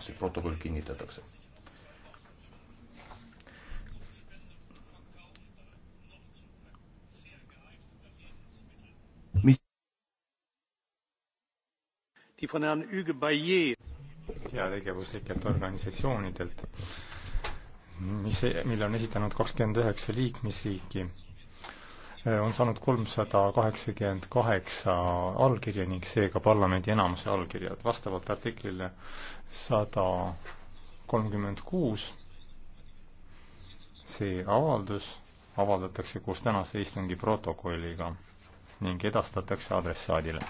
see protokoll kinnitatakse. mis? heategevuslikelt organisatsioonidelt, mis, e-, mille on esitanud kakskümmend üheksa liikmesriiki Eh, on saanud kolmsada kaheksakümmend kaheksa allkirja ning seega parlamendi enamuse allkirjad. vastavalt artiklile sada kolmkümmend kuus see avaldus avaldatakse koos tänase istungi protokolliga ning edastatakse adressaadile.